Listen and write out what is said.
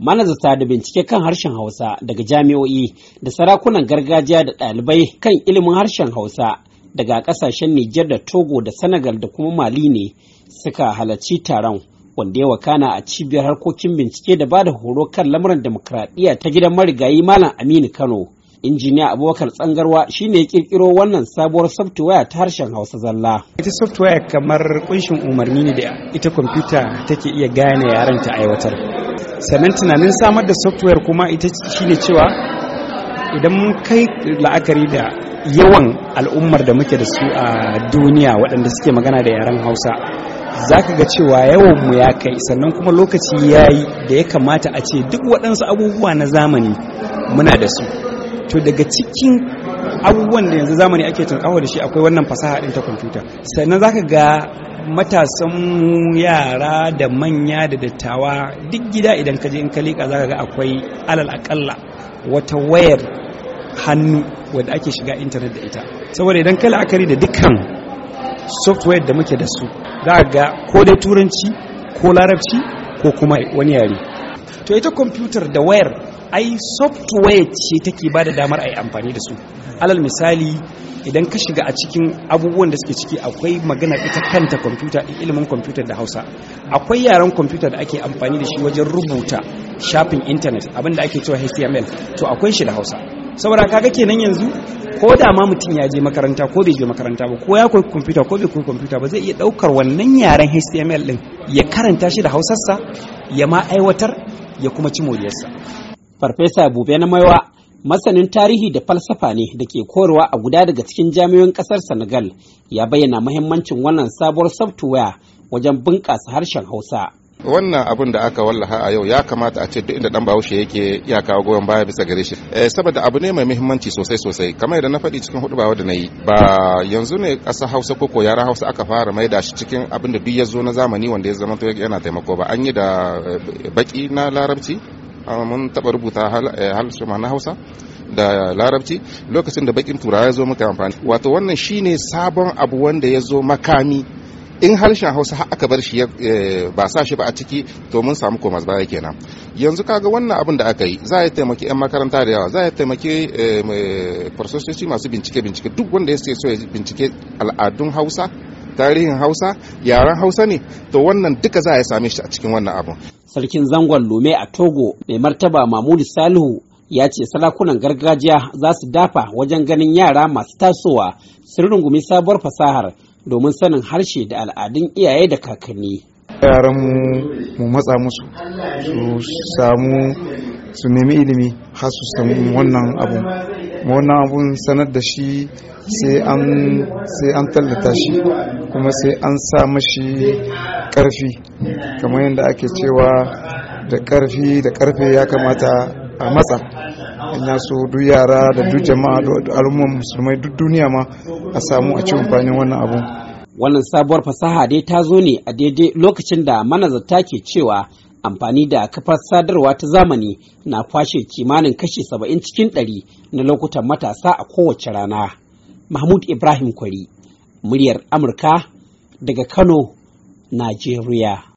manazarta da bincike kan harshen hausa daga jami'o'i da sarakunan gargajiya da ɗalibai kan ilimin harshen hausa daga ƙasashen nijar da togo da senegal da kuma mali ne suka halarci taron wanda ya wakana a cibiyar harkokin bincike da ba da horo kan lamuran demokradiyya ta gidan marigayi malam aminu kano injiniya abubakar tsangarwa shine ya kirkiro wannan sabuwar software ta harshen hausa zalla ita software kamar kunshin umarni ne da ita kwamfuta take iya gane yaran ta aiwatar sannan tunanin samar da software kuma ita shine cewa idan mun kai la'akari da yawan al'ummar da muke da su a duniya waɗanda suke magana da yaren hausa za ka ga cewa yawan mu ya kai sannan kuma lokaci ya yi da ya kamata a ce duk waɗansu abubuwa na zamani muna da su to daga cikin abubuwan da yanzu zamani ake tunkawa da shi akwai wannan fasaha ɗin ta kwamfuta sannan za ka ga matasanmu yara da manya da dattawa duk gida idan ka je in ka leƙa za ka ga akwai alal akalla wata wayar hannu wadda ake shiga intanet da ita saboda idan kala la'akari da dukkan software da muke da su za ga ko dai turanci ko larabci ko kuma wani yare to ita kwamfutar da wayar ai software ce take ba da damar a yi amfani da su alal misali idan ka shiga a cikin abubuwan da suke ciki akwai magana ita kanta kwamfuta ilimin kwamfuta da hausa akwai yaren kwamfuta da ake amfani da shi wajen rubuta shafin intanet abin da ake cewa html to akwai shi da hausa saboda kaga kenan yanzu ko da ma mutum ya je makaranta ko bai je makaranta ba ko ya koyi kwamfuta ko bai koyi kwamfuta ba zai iya daukar wannan yaren html din ya karanta shi da hausarsa ya ma aiwatar ya kuma ci moriyarsa farfesa bube na maiwa masanin tarihi da falsafa ne da ke korowa a guda daga cikin jami'oin kasar senegal ya bayyana muhimmancin wannan sabuwar software wajen bunƙasa harshen hausa wannan abin da aka wallaha a yau ya kamata a ce duk inda dan bahaushe yake ya kawo goyon baya bisa gare shi eh, saboda abu ne mai muhimmanci sosai sosai kamar yadda na faɗi cikin hudu da na ba yanzu ne ƙasa hausa ko ko yaran hausa aka fara mai da shi cikin abin da duk ya zo na zamani wanda ya zama to yana taimako ba an yi da eh, baki na larabci mun taɓa rubuta harshe eh, na hausa da larabci lokacin da bakin turawa ya zo muka amfani wato wannan shi ne sabon abu wanda ya zo makami in harshen hausa har aka bar shi eh, ba sa shi ba a ciki to mun samu komas baya kenan yanzu kaga wannan abin da aka yi za ya taimaki 'yan makaranta da yawa za ya taimaki eh, farsososi masu bincike bincike duk wanda ya so ya bincike al'adun hausa tarihin hausa yaren hausa ne to wannan duka za a same shi a cikin wannan abin sarkin zangon lome a togo mai martaba mamudu salihu ya ce sarakunan gargajiya za su dafa wajen ganin yara masu tasowa sun rungumi sabuwar fasahar domin sanin harshe da al'adun iyaye da kakanni yaran mu matsa musu su samu su nemi ilimi har su samu wannan abu wannan abun sanar da shi sai an tallata shi kuma sai an sa mashi ƙarfi kamar yadda ake cewa da ƙarfi da karfe ya kamata a matsa ina so duk yara da duk jama'a da al'umman musulmai duk duniya ma a samu a ci amfanin wannan abu. wannan sabuwar fasaha dai ta zo ne a daidai lokacin da manazarta ke cewa amfani da kafar sadarwa ta zamani na kwashe kimanin kashe saba'in cikin ɗari na lokutan matasa a kowace rana mahmud ibrahim kwari muryar amurka daga kano Najeriya.